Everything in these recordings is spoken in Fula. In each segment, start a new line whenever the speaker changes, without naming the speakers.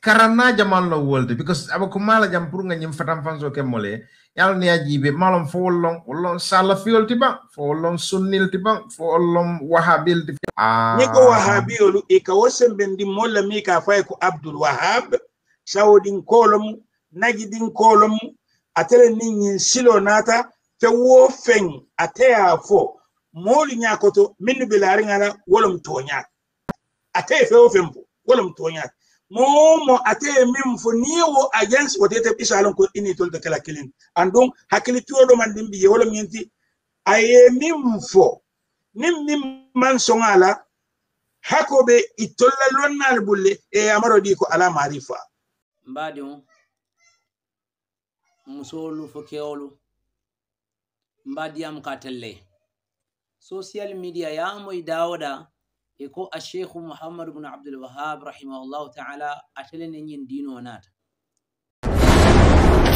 Karanna jamal no wolde because aba ko mala jam pour nga nyim fatam fanso ke mole yal ne ajibe malam fo wollon wollon sala fiol ti ban fo wollon sunnil ti ban fo wollon wahabil ti ah ne ko wahabiolu e ka wosen bendi molla mi ka fay ko abdul wahab sawdin kolom najidin kolom atele ninyin silo nata fe wo fen atea fo molu nyakoto minu bilari ngala wolom tonya ate fe wo fempo wolom tonya momo ate min fo ni wo agents wo tete isalon ko ini tol kala kilin andon hakili tuwo do man dimbi wala minti aye min fo nim nim man songala hakobe itolla lonnal bulle e amaro di ko ala marifa mbadi on musolu fo kewolu mbadi am katelle social media ya moy dawoda يكو الشيخ محمد بن عبد الوهاب رحمه الله تعالى atelenen yen dino ونات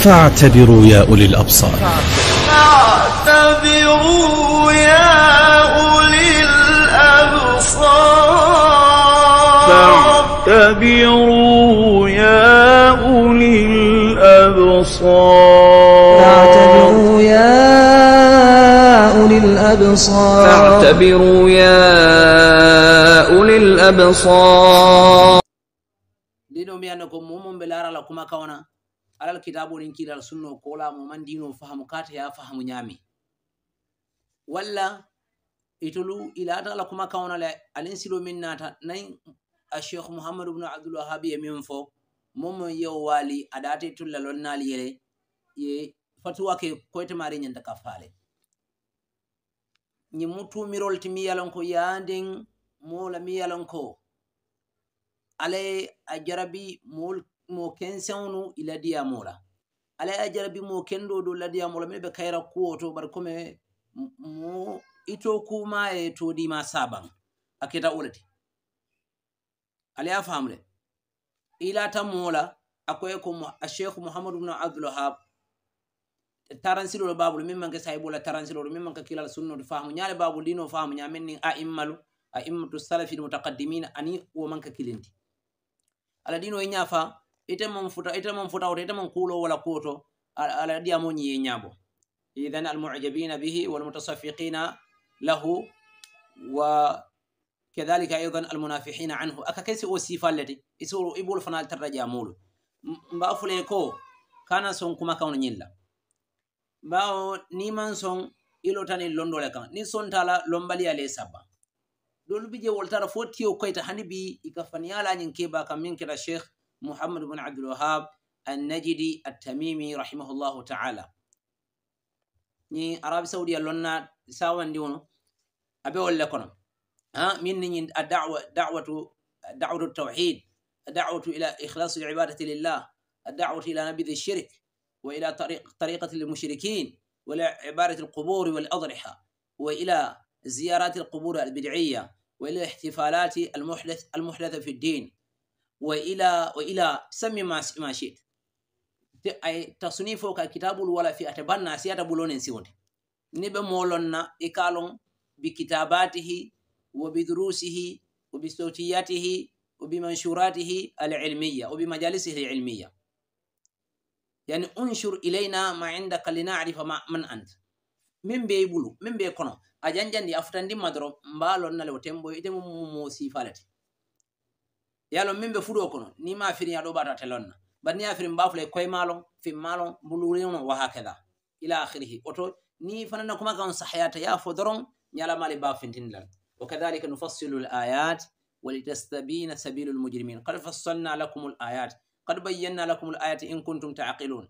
فاعتبروا يا أولي الأبصار فاعتبروا يا أولي الأبصار فاعتبروا يا أولي الأبصار فاعتبروا يا أولي الأبصار فاعتبروا يا أولي الأبصار nde ɗo mi anda ko momon ɓe laarala kuma kawna alal kitaɓoɗin kiral sunno kolamo man dino fahamu kataya fahamu ñami walla itolu ilata ala kuma kawnal alin silo min nata nayi a cheikh mouhamadou ubnu abdoulwahabi e min fo momon yeo waali adata tulla lonnal yele ye fatuwake koytemari ñandaka faale ñimmutumirol timi yalon ko yaa nden mola miyalanko alaye a jarabi mo kensewnu i ladiya mola alaye a jarabi mo kendo do ladiya mola mine ɓe kayra kuwo to bar kome mo ito kuma e todima saban aketa wolati alaya famle ilata mola akoye ko a cheikh mouhamadou bnu abdoulwahab taransilolo babolo min manke sahibola taransilolo min manka kilal sunnoto famu ñale babol ɗino famu ñamin ni a immalu aimmatu salafi lmutakaddimina ani womanka kilindi ala dino e ñafa itemanfutaoto futa, itemam kulo wala kuoto ala ɗiyamoñiye ñabo ihan almujabina bihi walmutasaffiqina lahu wa kedhalika aidan almunafihina anhu aka kesi o sifallete isoo ibolu fana tarta jamolu mba fule ko kana son kuma kawno ñilla bawo niman son ilotani londole kan ni sontala lombaliya le sabban دون بيجي ولتارا فوتيو كويتا هني بي يكفني على نين كيبا كمين كلا شيخ محمد بن عبد الوهاب النجدي التميمي رحمه الله تعالى ني عربي سعودي لنا ساوان ديونو أبي أقول لكم ها من نين الدعوة دعوة دعوة التوحيد دعوة إلى إخلاص العبادة لله الدعوة إلى نبذ الشرك وإلى طريق طريقة المشركين وإلى عبارة القبور والأضرحة وإلى زيارات القبور البدعية والى الاحتفالات المحدث المحدثه في الدين والى والى سمي ما ما شئت اي تصنيفك كتاب ولا في اتبنى سياده بولون سيوت نبي مولونا ايكالون بكتاباته وبدروسه وبصوتياته وبمنشوراته العلميه وبمجالسه العلميه يعني انشر الينا ما عندك لنعرف ما من انت min be ɓulu min be kono a janjandi aftandimma doro mbalonnale o tembo itemomo sifalete yalo min be fuɗo kono nima firi aɗo ɓata telonna bat nia firi mbafula e koye malon fim malon mbulurino waha keda ila akhirihi oto ni fanana kuma kan sahayata yafo doron ñalamali ba fintindilal wa kadalika nufassilu layat walitastabina sabilu lmujrimin qad fassalna lakum layat qad bayyanna lakum layati in kuntum taqilun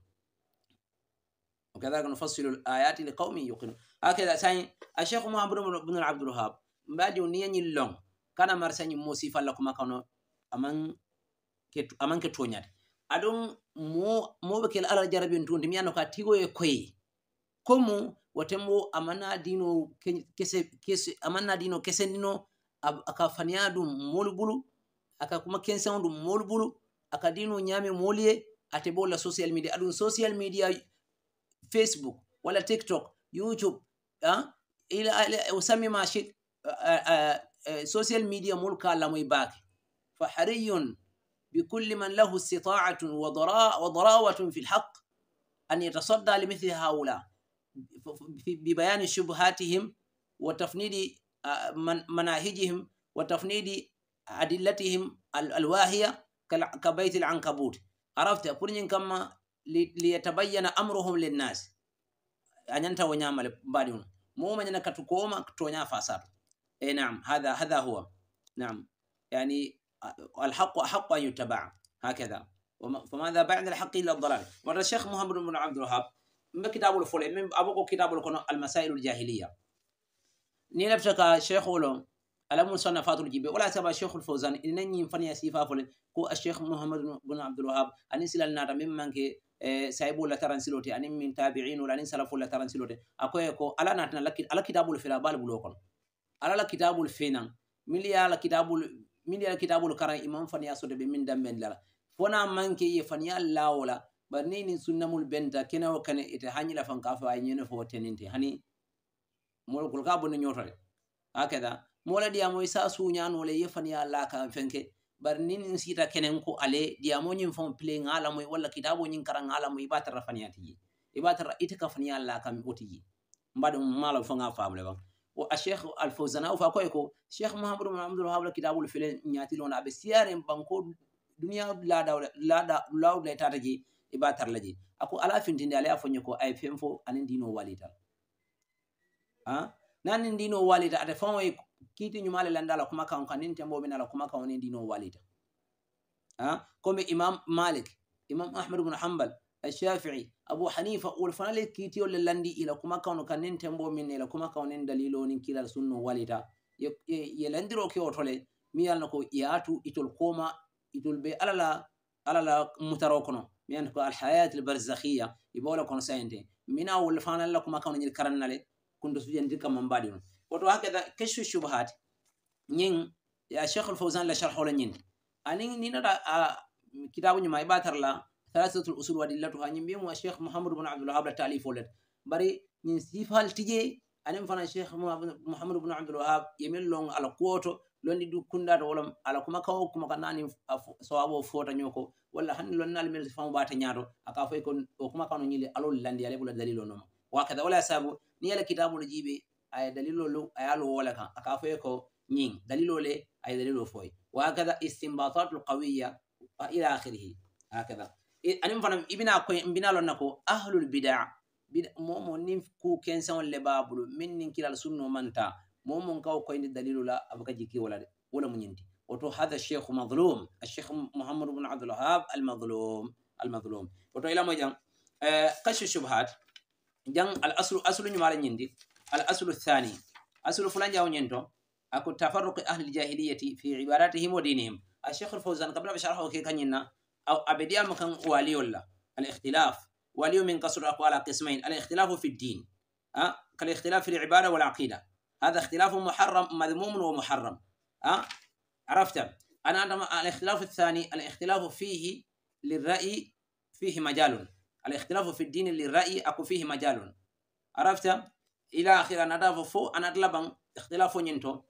وكذلك نفصل الآيات لقوم يوقنون هكذا سي الشيخ محمد بن عبد الوهاب مبادي نيني لون كان مرسني موصيفا لكم كان امان كت امان كتونيات ادوم مو مو بكل الله جرب انتو دي مانو كاتيغو كوي كومو وتمو امانا دينو كيسي كيسي امانا دينو كيسي نينو اكا فنيادو مولبولو اكا كوما كينسوندو مولبولو اكا دينو نيامي موليه اتبول سوشيال ميديا ادون سوشيال ميديا فيسبوك ولا تيك توك يوتيوب ها الى وسمي ما شئت سوشيال ميديا ملكا لم يباك فحري بكل من له استطاعة وضراء وضراوة في الحق أن يتصدى لمثل هؤلاء ببيان شبهاتهم وتفنيد آه، مناهجهم وتفنيد أدلتهم الواهية كبيت العنكبوت عرفت كل كما liyatabayana amruhum linnasi انت wanyama mbali مو من nyana katukoma kutuonya fasar e eh, naam hatha hatha huwa naam yani الحق حق أن يتبع هكذا فماذا بعد الحق إلا الضلال ورد الشيخ محمد بن عبد الوهاب من كتابه الفولي من أبوكو كتابه الكون المسائل الجاهلية نينبشك الشيخ ولو ألم نصنع فاتر الجيبي ولا سبا الشيخ الفوزان إنني ينفني سيفا فولي كو الشيخ محمد بن عبد الوهاب أنسل النار ممن كي E saibol la taransilote anin min tabiinol anin salafol la taransilote akoye ko ala natana ala kitabol fela bal bulo kono ala la kitabol fenan miliyala kitabol miliyala kitabol karan iman faniya sode be min damben lala fona manke ye faniya lawola bar ni nin sunnamul benta kenawo kane ite hañila fan ka fa ñene fo teninte hani mol kul ka bonne ñotore hakeda mola diyamoy sa suñanole ye faniya la kan fenke bari nin in sita kenen ko ale diyamoñin fon pile ŋalamoy walla kitaboñin kara ŋalamoy iba tara faniyatiye iba tara ite ka faniya la kam otiye mbaɗum mala fo ŋa famule ba wo a cheikh alfausana o fa koye ko cheikh mahamadou mahamadou kitabo kitabol fele ñatilona aɓe siyaren banko duniya lada tata je iba tarla ji ako ala fintinde a foñe ko ay fen fo anin ndino walital a nanin ndino walita ata fawoye kiiti ñumale lande ala kuma kaŋo ka niŋ tenboo miŋ ala kuma kaŋo niŋ dinoo walita komi imam malik imam ahmad bnu hambal ashafii abu hanifa wolu fana le kiitiyo le landi ila kuma kaŋo ka niŋ tenboo miŋ ila kuma kaŋo niŋ daliloo niŋ kiilal sunno walita ye landiroo ke wo to le miŋ ye a la ko yaatu itolu kooma itolu be ala la ala la mutaroo kono miŋ ye a la ko alhayatil barzakhiya i be wo le kono sayinte miŋ a wolu fana la kuma kaŋo ñiŋ karaŋ na le kunto sujanti kamman baadino woto hakada kesu subahati ñin ya cheikhul fausan la sharhola ñin anin ninota a kitabuñuma i ɓatarla thalathatul usul wa dillatuha ñin mbimu cheikh mouhamadou bne abdulwahab la talif olet bari ñin sifal tije anin fana cheikh mouhamadou bne abdulwahab yemin lon ala kuoto londi dukkundata wolom ala kuma kawo kuma ka nani sowabo fotaño ko walla hande lon nal mel famo ɓata ñaato aka foy e ko o kuma kano ñili alol landi alebula dalil o noma wakada wala sabu ni yala kitabu ɗo jiiɓe aye dalilolu aye al wole kan aka foye e ko ñin dalilole aye dalilo foy wakada istimbatatu lkawiya wa ila akhirihi hakada anin fana ibina ko mbina lon na ko ahlul bidaa momo nin ku kensen le babulu min nin kilal sunno manta momo kaw koyndi dalilu la abaka jikki wala de wala muñindi woto hadha sheikhu madlum asheikh mohammadu bnu abdulwahab almadlum almadlum woto ilamo jang eh, kashe subhat jang al aslu aslu ñumala ñindi الأصل الثاني أصل فلان جاو نينتو أكو تفرق أهل الجاهلية في عباداتهم ودينهم الشيخ الفوزان قبل بشرحه كي كان أو أبديا مكان والي الله الاختلاف والي من قصر أقوال قسمين الاختلاف في الدين أه؟ كالاختلاف في العبادة والعقيدة هذا اختلاف محرم مذموم ومحرم أه؟ عرفت أنا عندما الاختلاف الثاني الاختلاف فيه للرأي فيه مجال الاختلاف في الدين للرأي أكو فيه مجال عرفت ila akhira nada fo fo anat laban ikhtila fo nyinto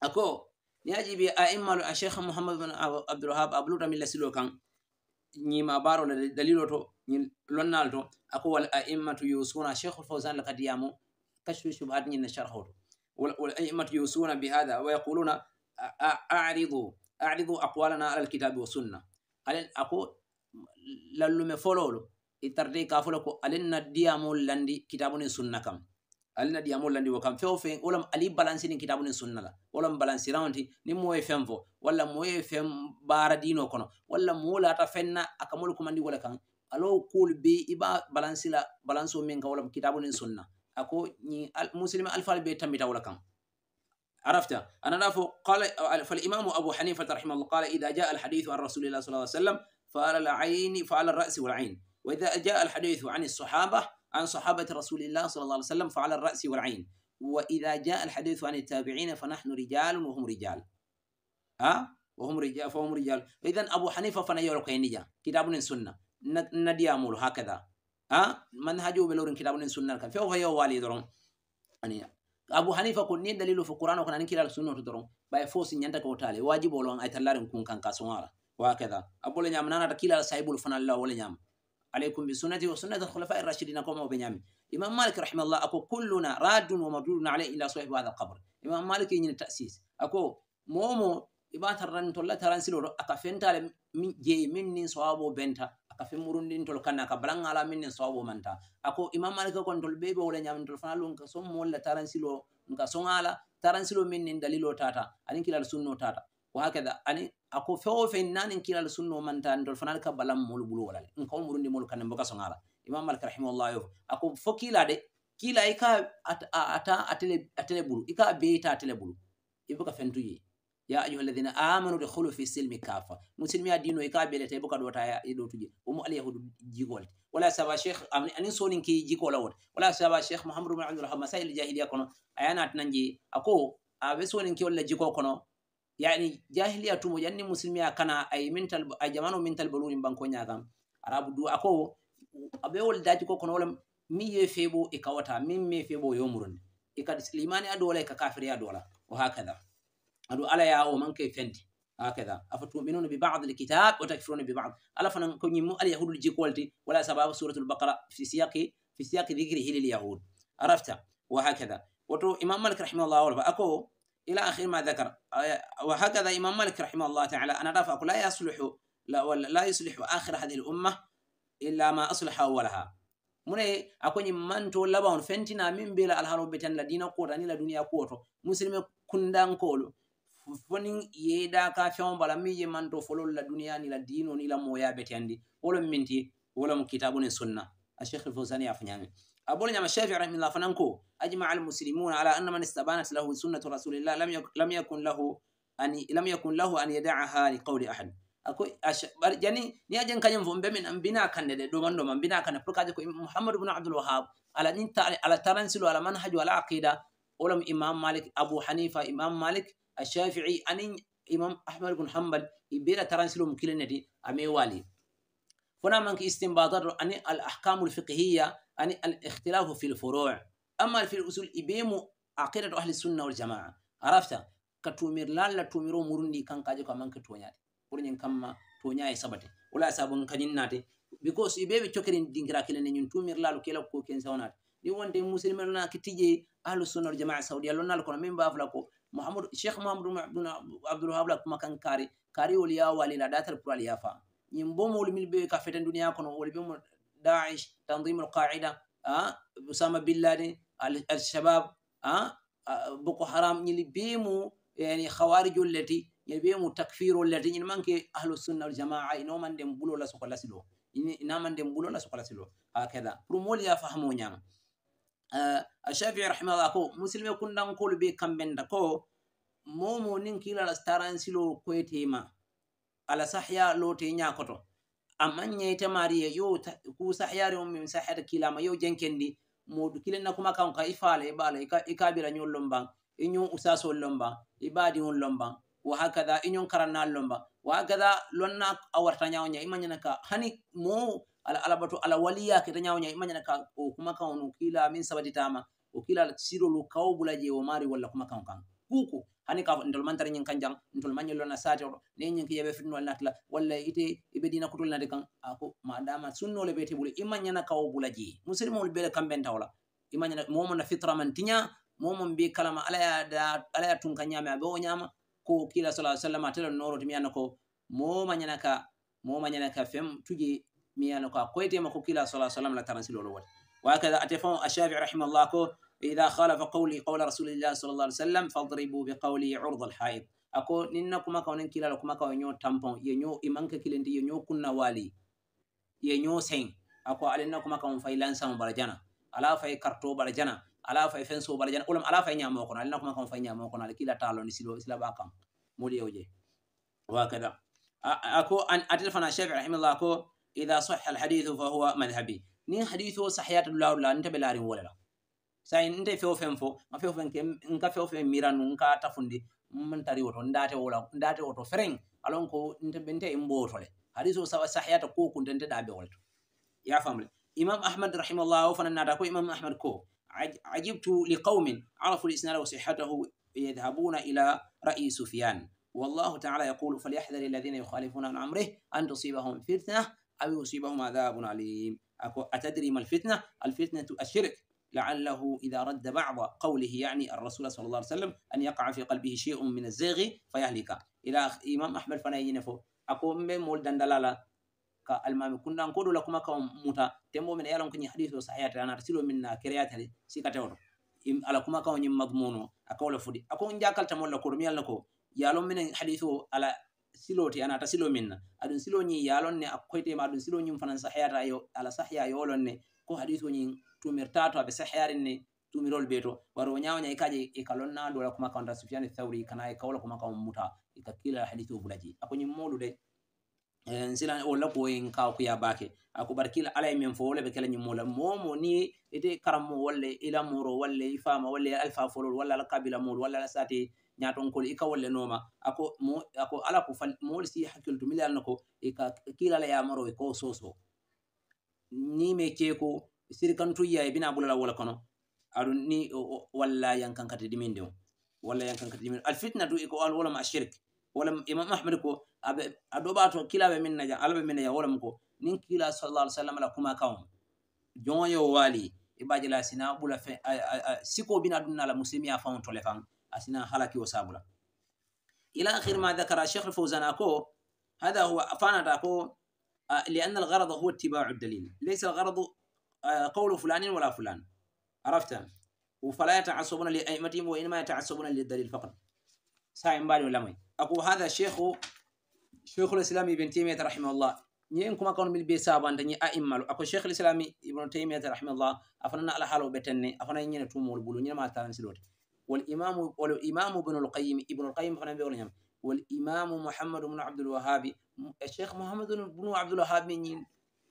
ako ni ajibi a immalu a sheikh muhammad bin abdulwahab abluta min lasilo kan nyima baro la dalilo to nyin lonnal to ako wal a immatu yusuna sheikh fawzan al qadiyamu kashfu shubhat nyin sharho to wal wal a immatu yusuna bi hadha wa yaquluna a'ridu a'ridu aqwalana al kitab wa sunna alin ako lallume fololo itarde kafolo ko alin nadiyamu landi kitabuni sunna kam alina di amol landi wakam feo fe olam ali balance ni kitabu ni sunna la olam balance round ni mo e femfo wala mo e fem bara dino kono wala mo la ta fenna akamol ko mandi wala kan alo kul bi iba balance la balance o min ka olam kitabu ni sunna ako ni al, muslima alfal be tambita wala kan عرفت انا نافو قال فالامام ابو حنيفه رحمه الله قال اذا جاء الحديث عن رسول الله صلى الله عليه وسلم فعلى العين فعلى الراس والعين واذا جاء الحديث عن الصحابه عن صحابة رسول الله صلى الله عليه وسلم فعلى الرأس والعين وإذا جاء الحديث عن التابعين فنحن رجال وهم رجال ها وهم رجال فهم رجال إذا أبو حنيفة فنيول كينيا كتاب السنة ندي نديامول هكذا ها منهجه بلورن كتاب السنة كان فهو هي والي درون يعني أبو حنيفة كن نين دليل في القرآن وكان نكيل السنة درون باي فوس نيانتا كوتالي واجب ولون أيتلارن كون كان كاسوارا وهكذا أبو لنيام نانا تكيل السايبول الله ولنيام alaykum bi sunnati wa sunnati alhulafai rachidina comme o beñami imam malik rahimahllah ako kulluna radun wa madruduna alayh ila sahibi hada alkabre imam malik yiñine tasis ako momo iɓatarani tolla taransilo ɗo aka fentale min jeeyi min nin sowabo benta aka femmurundintol kanna ka balangala min nin sowabo manta ako imam malik kontol ɓeɓewola ñamintol fana lun ka sommolla taransilo ka soŋala taransilo min nin dalilo tata anin kilal sunno tata wahakada ani ako fewo fe nanin kilal sunno manta ndol fanal ka balam molu bulu wala en ko murundi molu kanen boka songala imam malik rahimahullah yo ako fo kila de kila ika ata ata atele atele bulu ika beta atele bulu ibuka fentuye ya ayuha alladhina amanu dkhulu fi silmi kafa muslimi adino ika belete ibuka dota ya ido tuje umu al yahud jigol wala saba sheikh ani sonin ki jikola wot wala saba sheikh muhammadu ibn abdul rahman sahil jahiliya kono ayana tananje ako awe sonin ki wala jiko kono yani jahiliya tumo janni musilmi a kana ay mental ay jamano mental baluni banko nyagam arabu du ako abe wol daji ko kono wala mi ye febo e kawata min me febo yomurun e kad limani adu wala e kafir ya dola o hakada adu ala ya o manke fendi hakada afatu minun bi ba'd al kitab wa takfuruna bi ba'd ala fanan ko nyimmo al yahudul jikolti wala sababu suratul baqara fi siyaqi fi siyaqi dhikri hilil yahud arafta wa hakada woto imam malik rahimahullah wala ako ila akhir ma dakar wa hakada imam malik rahimah llah taala ana dhafa ku la yaslixu la yuslixu akhir hadi lumma ila ma aslaxa walaha mune akoñi manto labaon fentina min bela alhano beten la dina kuota ni la duniya kuoto musilme kundankolu fonin yeda ka fewo bala min ye manto folol la duniya ni la dino ni la moya beteandi wolo minti wolom kitabu ni sunna a cheikh lfousani yafuñami أقول نعم الشافعي رحمه الله فننكو أجمع المسلمون على أن من استبانت له سنة رسول الله لم لم يكن له أن لم يكن له أن يدعها لقول أحد أكو أش يعني نيجن كان ينفهم بمن أم كان دومان دومان بنا كان بركاته محمد بن عبد الوهاب على نت على ترنسل على منهج ولا عقيدة ولم إمام مالك أبو حنيفة إمام مالك الشافعي أن إمام أحمد بن حنبل يبير ترنسل مكلنتي أمي والي فنا منك استنباطات أن الأحكام الفقهية ani al ikhtilafu fi l furuu amma fi l usul i bemu aqidato ahli sunna waljamaa arafta ka tumir lalla tumiro murundi kankaje ko amanka toñade pour ñin kamma toña e sabate wala sabun kañin naate because i ɓeɓe cokirin dingira kilane ñun tumir lalo kila ko ken sawnaate ɗi wonde musilme ona ke tije ahlu sunna waljamaa saudi allonal kono min bafla ko mohamad cheikh mahamadou abdu abdoulhabla kuma kan kaari kaariwol yawalila datal pour al yafa ñin bomolu mil ɓewe ka fetan duniya kono wol ɓemo daish tandim alqaida usama billadin alshabab boko haram ñili bemu yani hawarijolleti ñili bemu takfirolleti ñini manke ahlu sunna aljamaa inomanden bulola soko lasilo namanden bulola soko lasilo hakada pour moolu ya fahamo ñama ashafii rahimallah ko musilme kundankolu be kamɓenda ko momo nin kilala taransilo koyetema ala sahya lote ñakoto amman ñeytemari ye yo kusa yari on min sahata kilama yo jenkendi muɗu kilenna kuma kan ka ifala ibala ikabira ñon lomban iñon usasol lomban ibadi on lomban wa hakada iñon karannal lomban wa hakada lonna awarta ñawoña imañana ka hani mo alalabato ala waliya keta ñawoña imañana ka o kuma kan onu kila min sabaditama o kila siro lu kawo bulaje womari walla kuma kan kan kuku hani kafo ntol mantare ñin kan jang ntol mañillo na satiro ne ñin ki yebe fitnol natla walla ite ibe dina kutol nade kan ako madama sunnole be tebule imañana kawo bula ji musulmol bele kamben tawla imañana momo na fitra man tiña momo bi kalama ala ya da ala ya tun kan ñama bo ñama ko kila sallallahu alaihi wasallam atelo noro to miyana ko momo ñana ka momo ñana ka fem tuji miyana ko koyte ma ko kila sallallahu alaihi wasallam la tarasilolo wat wa kaza atefon ashabi rahimallahu ida halafa qawli qawla rasulillahi sal llah alih wa sallam fadribu biqawli urda alhaid ako ninna kuma kaw nen kilala kuma kaw e ñoo tampon ye ño imanka kilendi ye ñoo kunna waali ye ñoo sen ako alinna kuma kaw fay lansamo bara jana ala fay karto bara jana ala fay fenso bara jana olam ala fay ñamoo kono alinna kuma kaw fay ñamoo kono ala kila taloni silo silaba kam moolu yewje wakada ako an atel fana chekh rahimallah ko ida sahha alhadithu fa huwa madhabi nin hadithu o sahyata dulaarula nin tabe laarin wolela sai nde fewo fen fo ma fewo fen ke nka fewo fen miranu nka tafundi man tari woto ndate wola ndate woto fereng alon ko nte bente imboto le hadiso sawa sahiyata ko kun dente dabe wolto ya famle imam ahmad rahimahullah fana nada ko imam ahmad ko ajibtu liqaumin arafu lisnada wa sihatahu yadhabuna ila ra'i sufyan والله تعالى يقول فليحذر الذين يخالفون عن امره ان تصيبهم فتنه او يصيبهم عذاب اليم أتدري ما الفتنه؟ الفتنه الشرك laallahu ida radda bada qawlihi yani alrasula sal lah sallam an yaqaa fi qalbihi shiu min azeri fayahlika ila imam ahmed fana yine fo ako mbe mool dandalala ka almami kundan ko ɗola kuma kao muta tembo mine yalan koñi hadis o sahayate anata silo minna kereyatale sikatewoto ala kuma kao ñim magmono akawla fuɗi ako jakal tamolla koɗo mi yalna ko yalon mine hadis o ala siloti anata silo minna aɗum siloñi yalon ne a koytema aɗum siloñim fanan sahayata yo ala sahya yolon ne ko hadis o ñin tumirtato aɓe sahyarinne tumirol be to wara o ñawñay kaji e ka lonnaɗo wala ko maka onta soufiane thawri kana e kawla ko maka on muta e ka kila hadit o bulaji akoñim moɗude e sila olla ko en kaw ko yabake ako bar kila alay men fo wolla ɓe kela ñimmola momo ni ete karammo walla ilamoro walla ifama walla alpha folol walla ala kabila mol walla ala sati ñatonkol ika wolle nooma ako mo ako ala ko fal mowolle si hakkille tumilalna ko e ka kila ala yamaro e ko soso ni me ceko sirikantu yiya e bina bulala wala kono aɗum ni walla yankankati diminde o walla yankankati diminde alfitna tu eko al wolama e ashirk wala imam ahmed ko aɓe a ɗoɓato kilaɓe min naja alaɓe min naja wolam ko nin kila sallah alah sallam ala kuma kawm jooyo waali e baaje la sina ɓula fe siko bina ɗum nala muslimia fawn tole fan asina halaki o sabula ila akhir ma dakara cheikh l fausana ko hada huwa fanata ko li anna algarada huwa ittibaru dalil laysa algaradu qawlu fulanin wala fulan arafta fala yatasabuna li aimatihim wa inma yatasabuna li dalil faqat sa en mbaɗio lamay ako hada cheikhu cheikhu lislam ibn taimiyata rahimahullah ñi en kuma kawno mil be sabanta ñi aimmalu ako cheikh lislam ibn taimiyata rahimahullah afanana alhaala o ɓetenne afana ñene tumol bulu ñinema talansilote wal imamu ibnu lqayim ibnu lqayim fana mbe wolñam wal imamu mohammadu bnu abdulwahabi cheikh mohammadu bnu abdulwahabi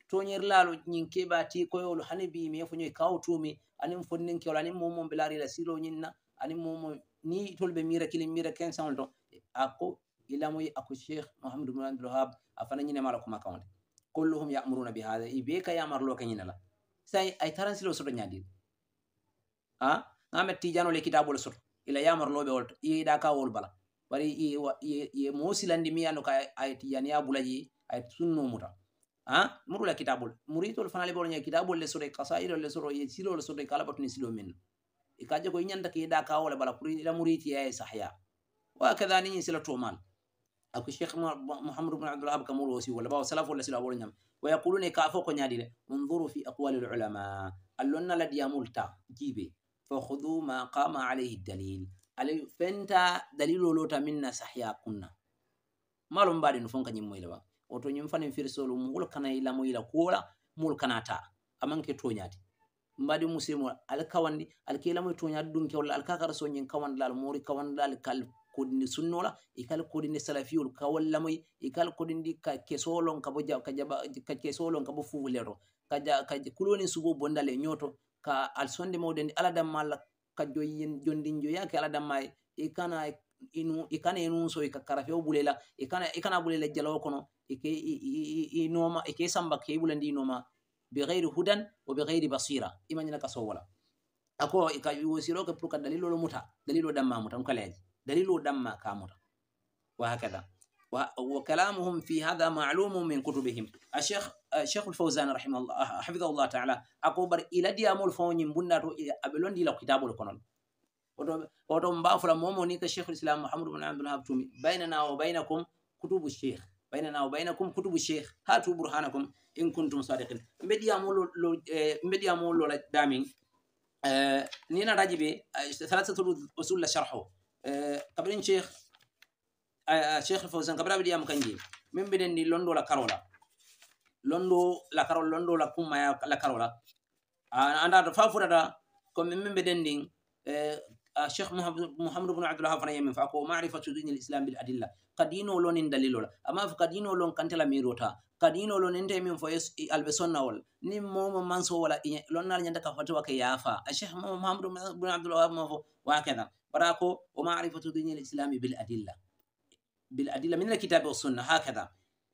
to yerlalo yin keɓa tikoyolo hani bimi e fo yoi kawtumi anin fonnin kewol anin momo ɓe larila silo yinna anin momo ni tol ɓe mira kili mira kensawol ton ako ilamoyi ako cheikh mohamadou mouradoul hab afana yinemala koma kawde kollohum yamuruna bi hada ibe ka yamarloka yinala sai ay taran silo soto yadiɗo a gama tijanole kitabole soto ila yamarloɓe olto yeyiɗa kawol bala bari ye mosilandi miyanoka ay tijaniya bulaji ay sunnomuta murula kitabol muritol fana leboro ñaŋ kitabol le soto kasairol e le soto e silole soto i e ka labatu ni silo min i ka jego i ñanta ke yiɗa kawo le bala pour ila muriti yaye sahya wa kada ni ñin sila toman ako cheikh mohamad ubne abdulahab kamuro aussi walla bawa salafol le sila boro ñam wa yaquluna ka fo ko ñadi le unzuru fi aqwali lulama allon na ladiyamul ta jiibe fa hudu ma qama alayhi dalil ala fenta dalilolota min na sahya kunna malum baɗi no fonka ñimmoyle ba woto ñum fanin firsolu mugol kana i lamoyila kola mugol kanata amanke toñadi mbadi musimo alkawandi alke lamoy toñadi ɗum kewla alkakaraso ñin kawandilal mori kawandilal kal kodini sunnola ikal kodini salafiyol kawol lamoy ikal kodindi ka kesolon kabo ka kesolon kabo fufulero ka kuloni subo bondal e ñoto ka alsonde mawde ndi aladammaallah ka joyin jondin joyaake aladammaye ikana e i kana i nun so i ka karafeo bulela i kana bulela jalawo kono i noma i ke samba ke i bulandi i noma beghairi hudan wa beghairi basira i mañana ka sowola ako ka wosiroke pour ka dalilolo muta dalilo damma muta nkaleaji dalilo damma ka muta wahakada wakalamuhum fi hadha malumu min kutubihim cheikh lfausan rahimahllah hafidahullah taala ako bar ila diyamol fo ñim bunda to aɓe londila kitabol konon woto mba fula momo ni ka sheikh islam muhammad ibn abdul wahhab tumi bainana wa bainakum kutubu sheikh bainana wa bainakum kutubu sheikh hatu burhanakum in kuntum sadiqin mbediya mo lo mbediya mo lo la damin ni na rajibe thalathatu usul la sharhu qabrin sheikh sheikh fawzan qabra bidiyam kanji min biden ni londo la karola londo la karola londo la kuma la karola anda da fafura da ko min biden din cheikh ah, mouhamadou bnu abdoulahab fana yemin fa ko marifatu dine l'islam bil adilla kadinolo nin dalilola amma fo kadinolo kantela mirota kadinolo nente min fo alɓe sonnawol nin momo manso wala lonnal ñande ka fatowa ke yaafa a cheikh mouhamadou bnu abdoulahab ma fo wakena wara ko o marifatu dine l'islam bil adilla bil adilla minel kitabe o sunna hakeha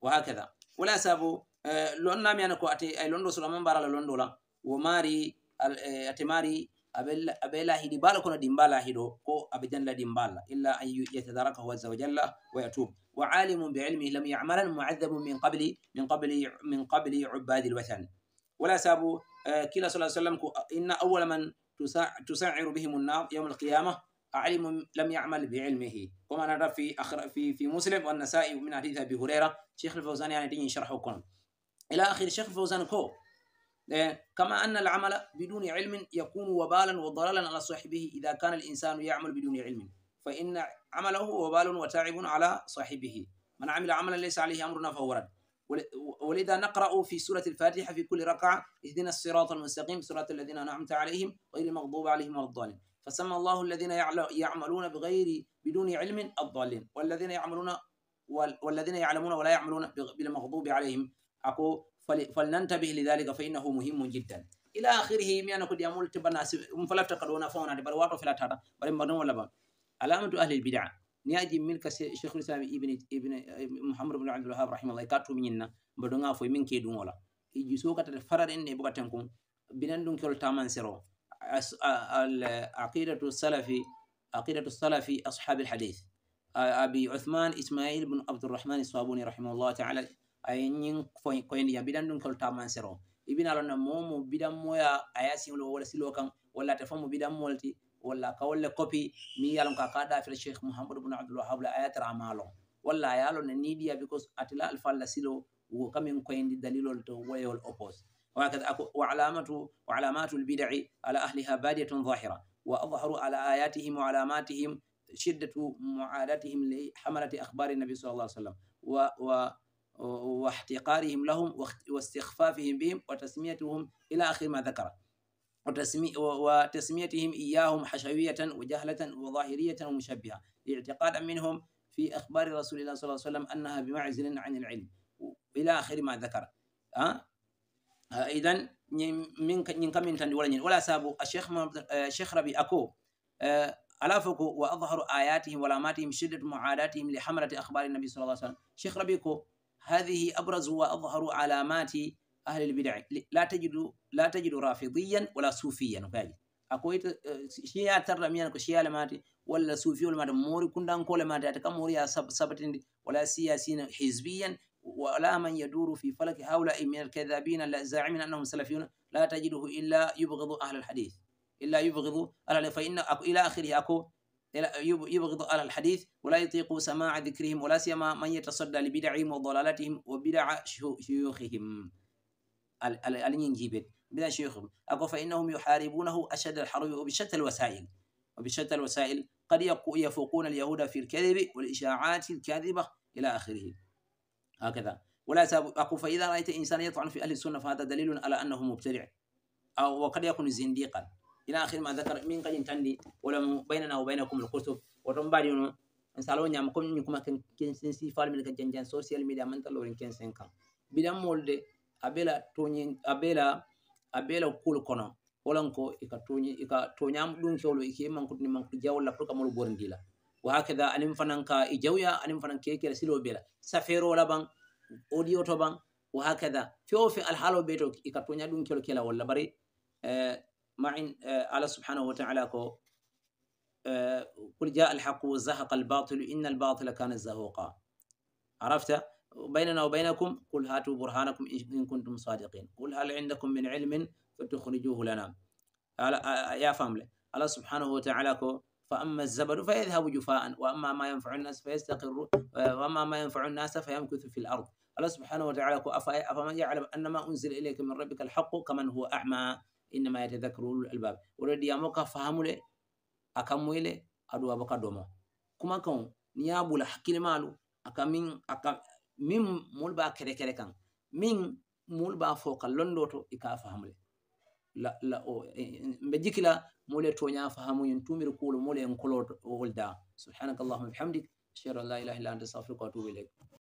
wa hakeha wala sabo eh, lonnamiyana ko ate ay londo sola mambarala londola wo mari eh, ate mari أبلا هدي بالكون ديمبالا هدو أو أبدان لا ديمبالا إلا أن يتداركه عز وجل ويتوب وعالم بعلمه لم يعمل معذب من قبل من قبل من قبل عباد الوثن ولا سابو آه، كلا صلى الله عليه وسلم إن أول من تسعر بهم النار يوم القيامة عالم لم يعمل بعلمه وما نرى في أخر في في مسلم والنسائي من حديث أبي هريرة شيخ الفوزان يعني شرحه كون إلى آخر شيخ الفوزان كو إيه، كما أن العمل بدون علم يكون وبالا وضلالا على صاحبه إذا كان الإنسان يعمل بدون علم فإن عمله وبال وتعب على صاحبه من عمل عملا ليس عليه أمرنا فهو رد ولذا نقرأ في سورة الفاتحة في كل ركعة اهدنا الصراط المستقيم صراط الذين أنعمت عليهم غير المغضوب عليهم ولا الضالين فسمى الله الذين يعملون بغير بدون علم الضالين والذين يعملون والذين يعلمون ولا يعملون بالمغضوب عليهم أكو falinantabihi lidalika fa innahu muhimmu jiddan ila akhirihi miyana ko ndiyamol tebana um falafta kadi wona fawnade bara wato fela tata bara mba non walla ba alamatu ahli lbida ni aji min ka cheikhul islam ibne ibne mouhamadou bne abdoulwahab rahimallah ka tuminyinna mbaɗoga fo e min kee ɗum wola eji sokatata farata enne bugaten kon binan ɗum kol taman séro aqidatu salafi aqidatu salafi ashabi lhadith abi uthman ismail bne abdourahman sabuni rahimahullah taala ayñin koyndi jam mbiɗan ɗum kol tamansero ibinalona momo biɗanmoya a ya silo walla silo kan walla te fo mo biɗanmolti walla ka wolle copi mi yalon ka kaɗafira cheikh mouhamadou bne abdoulwahab la ayatramalon walla a yalone niɗiya because atila alfalla silo wo kamin koyndi dalilol to wayol oppose wakada ako walamatu walamatu lbidai ala ahliha badiyatun dahira wa adharu ala ayatihim walamatihim shiddatu muadatihim li hamalati akhbari nabi sallallah sallam wa, wa واحتقارهم لهم واستخفافهم بهم وتسميتهم إلى آخر ما ذكر وتسميتهم إياهم حشوية وجهلة وظاهرية ومشبهة اعتقادا منهم في أخبار رسول الله صلى الله عليه وسلم أنها بمعزل عن العلم إلى آخر ما ذكر أه؟, آه، إذا من من كم من تندورين ولا سابو الشيخ آه، الشيخ ربي أكو آه، ألافكو وأظهر آياتهم ولاماتهم شدة معاداتهم لحملة أخبار النبي صلى الله عليه وسلم الشيخ ربي أكو hadihi abrasu wa adharu alamati ahli lbidai la tajidu rafidiyan wala sufiyan kaji akoyita chia tarla miyan ko chia lemati walla sufi olemati mori kundankole mati ata kam moriya sabatindi wala siyasina hizbiyan wala man yaduru fi falaki haulai min alkadhabina zaimin annahum salafiuna la tajiduhu illa yubghidu ahla lhadith illa yubghidu ahla fa inna ila akhirihi ako يبغض أهل الحديث ولا يطيق سماع ذكرهم ولا سيما من يتصدى لبدعهم وضلالاتهم وبدع شيوخهم الينجيبت بدع شيوخهم أقول فإنهم يحاربونه أشد الحرب وبشتى الوسائل وبشتى الوسائل قد يفوقون اليهود في الكذب والإشاعات الكاذبة إلى آخره هكذا ولا أقول فإذا رأيت إنسان يطعن في أهل السنة فهذا دليل على أنه مبتدع أو وقد يكون زنديقا ina hirma zakar min kadi en tandi wala mo baynana o baynakum le kursu o ton badi no en salo nyam kom ni kuma ken ken sen si falmi le kadi jan social media man talo ren ken sen kan bidam molde abela toñi abela abela kul kono holan ko ika e toñi ika e toñam dun kewlo ike man kudni man kudu jawla pour kamol gorndila wa hakada anim fananka i e jawya anim fanan keke la silo bela safero la ban audio to ban wa hakada fiofi alhalo beto ika toñi dun kewlo kela wala bari eh معن آه، الله سبحانه وتعالى كو آه، قل جاء الحق وزهق الباطل إن الباطل كان زهوقا عرفت بيننا وبينكم قل هاتوا برهانكم إن كنتم صادقين قل هل عندكم من علم فتخرجوه لنا آه، يا فاملة الله سبحانه وتعالى كو فأما الزبد فيذهب جفاء وأما ما ينفع الناس فيستقر وأما ما ينفع الناس فيمكث في الأرض الله سبحانه وتعالى أفمن يعلم أن ما أنزل إليك من ربك الحق كمن هو أعمى innama yatadakaru ulul albab wala diyamo ka fahamule aka moyle adu aba ka domo kuma kan ni ya bula hakkile malu aka min aka min mulba kere kere kan min mulba foka londoto ika fahamule la la o e, e, mbe jikila mule to nya fahamu yin tumir kulu mule en kolodo olda subhanakallahumma bihamdik ashhadu an la ilaha illa anta astaghfiruka wa atubu ilayk